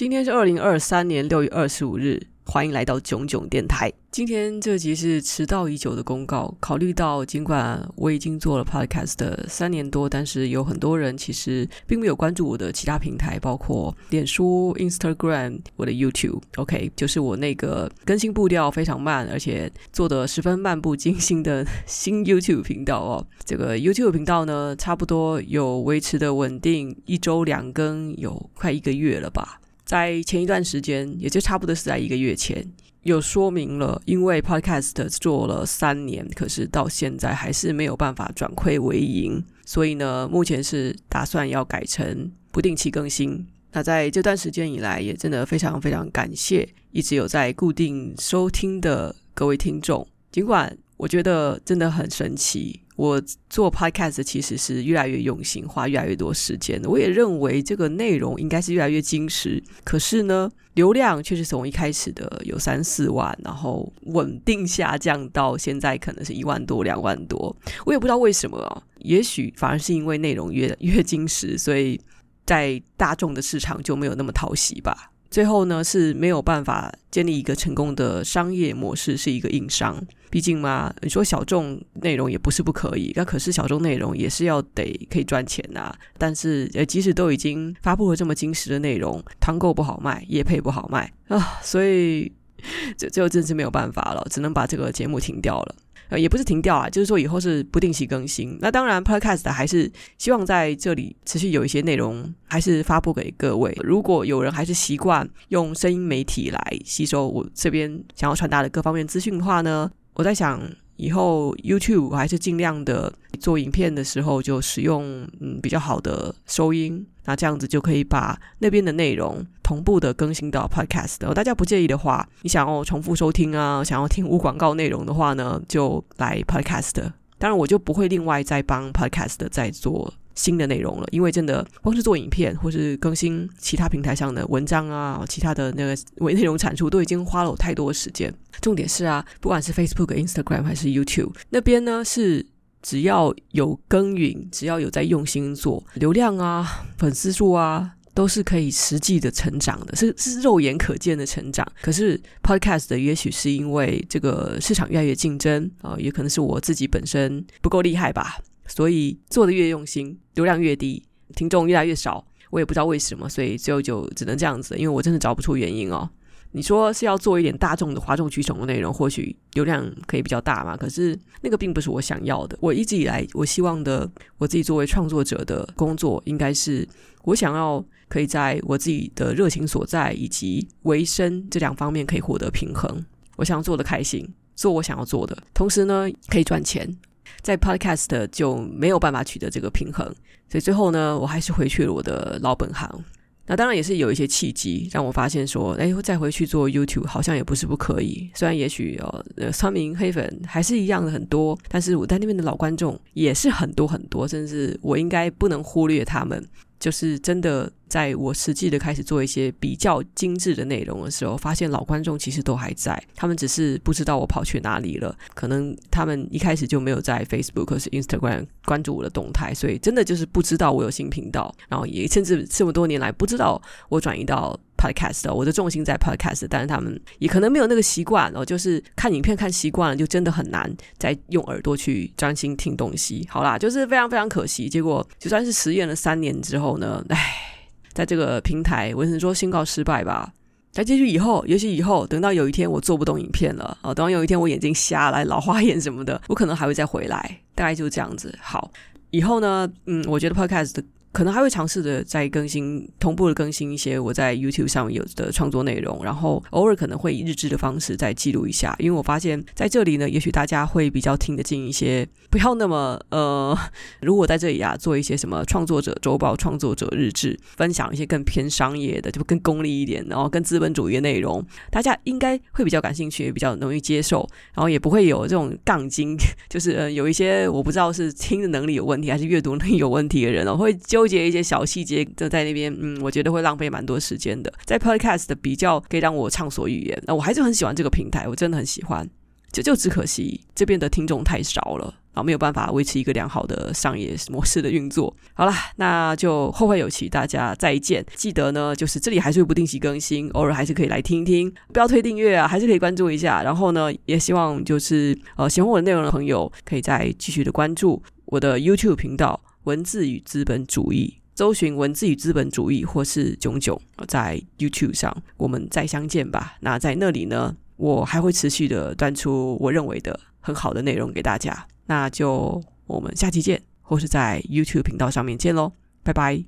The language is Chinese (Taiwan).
今天是二零二三年六月二十五日，歡迎來到冏冏電台。今天這集是遲到已久的公告。考慮到儘管我已經做了 podcast 三年多，但是有很多人其實並沒有關注我的其他平台，包括臉書、Instagram、我的 YouTube。OK，就是我那個更新步調非常慢，而且做得十分漫不經心的新 YouTube 頻道哦。這個 YouTube 頻道呢，差不多有維持的穩定一周兩更，有快一個月了吧。在前一段時間，也就差不多是在一個月前，有說明了，因為 Podcast 做了三年，可是到現在還是沒有辦法轉虧為盈，所以呢，目前是打算要改成不定期更新。那在這段時間以來，也真的非常非常感謝一直有在固定收聽的各位聽眾，儘管我覺得真的很神奇。我做 Podcast 其實是越來越用心，花越來越多時間的。我也認為這個內容應該是越來越精實，可是呢，流量確實從一開始的有三四萬，然後穩定下降到現在可能是一萬多、兩萬多。我也不知道為什麼，也許反而是因為內容越越精實，所以在大眾的市場就沒有那麼討喜吧。最後呢，是沒有辦法建立一個成功的商業模式，是一個硬傷。畢竟嘛，你說小眾內容也不是不可以，那可是小眾內容也是要得可以賺錢吶、啊。但是呃，即使都已經發佈了這麼精實的內容，團購不好賣，業配不好賣啊，所以這就真是沒有辦法了，只能把這個節目停掉了。呃，也不是停掉啊，就是說以後是不定期更新。那當然，Podcast 還是希望在這裡持續有一些內容，還是發布給各位。如果有人還是習慣用聲音媒體來吸收我這邊想要傳達的各方面資訊的話呢，我在想以後 YouTube 還是盡量的，做影片的時候就使用嗯，比較好的收音，那這樣子就可以把那邊的內容同步的更新到 Podcast。大家不介意的話，你想要重複收聽啊，想要聽無廣告內容的話呢，就來 Podcast。當然，我就不會另外再幫 Podcast 再做新的內容了，因為真的光是做影片或是更新其他平台上的文章啊，其他的那個為內容產出都已經花了我太多時間。重點是啊，不管是 Facebook、Instagram 還是 YouTube，那邊呢是。.只要有耕耘，只要有在用心做，流量啊、粉絲數啊，都是可以實際的成長的，是是肉眼可見的成長。可是 Podcast 的也許是因為這個市場越來越競爭啊、哦，也可能是我自己本身不夠厲害吧，所以做的越用心，流量越低，聽眾越來越少，我也不知道為什麼，所以最後就只能這樣子，因為我真的找不出原因哦。你說是要做一點大眾的嘩眾取寵的內容，或許流量可以比較大嘛？可是那個並不是我想要的。我一直以來我希望的，我自己作為創作者的工作，應該是我想要可以在我自己的熱情所在以及維生這兩方面可以獲得平衡。我想做的開心，做我想要做的，同時呢可以賺錢。在 Podcast 就沒有辦法取得這個平衡，所以最後呢，我還是回去了我的老本行。那當然也是有一些契機讓我發現說，哎、欸，再回去做 YouTube 好像也不是不可以。雖然也許哦，酸民、黑粉還是一樣的很多，但是我在那邊的老觀眾也是很多很多，甚至我應該不能忽略他們。就是真的，在我實際的開始做一些比較精緻的內容的時候，發現老觀眾其實都還在，他們只是不知道我跑去哪裡了。可能他們一開始就沒有在 Facebook 或是 Instagram 關注我的動態，所以真的就是不知道我有新頻道，然後也甚至這麼多年來不知道我轉移到。Podcast 的，我的重心在 Podcast，但是他們也可能沒有那個習慣哦，就是看影片看習慣了，就真的很難再用耳朵去專心聽東西。好啦，就是非常非常可惜，結果就算是實驗了三年之後呢，唉，在這個平台，我只能說宣告失敗吧。但繼續以後，也許以後等到有一天我做不動影片了哦，等到有一天我眼睛瞎了、老花眼什麼的，我可能還會再回來。大概就這樣子。好，以後呢，嗯，我覺得 Podcast 的。可能還會嘗試着再更新，同步的更新一些我在 YouTube 上有的創作內容，然後偶爾可能會以日誌的方式再記錄一下，因為我發現在這裡呢，也許大家會比較聽得進一些，不要那麼呃，如果在這裡啊做一些什麼創作者周報、創作者日誌，分享一些更偏商業的，就更功利一點，然後更資本主義的內容，大家應該會比較感興趣，也比較容易接受，然後也不會有這種槓精，就是呃有一些我不知道是聽的能力有問題，還是閱讀能力有問題的人，哦，會就。糾結一些小細節就在那邊，嗯，我覺得會浪費蠻多時間的。在 Podcast 的比較可以讓我暢所欲言，那、呃、我還是很喜歡這個平台，我真的很喜歡。就就只可惜這邊的聽眾太少了，然、啊、後沒有辦法維持一個良好的商業模式的運作。好啦，那就後會有期，大家再見。記得呢，就是這裡還是會不定期更新，偶爾還是可以來聽一聽，不要推訂閱啊，還是可以關注一下。然後呢，也希望就是呃喜歡我的內容的朋友可以再繼續的關注我的 YouTube 頻道。文字與資本主義，搜尋文字與資本主義，或是冏冏，在 YouTube 上，我們再相見吧。那在那裡呢？我還會持續地端出我認為的很好的內容給大家。那就我們下期見，或是在 YouTube 頻道上面見嘍，拜拜。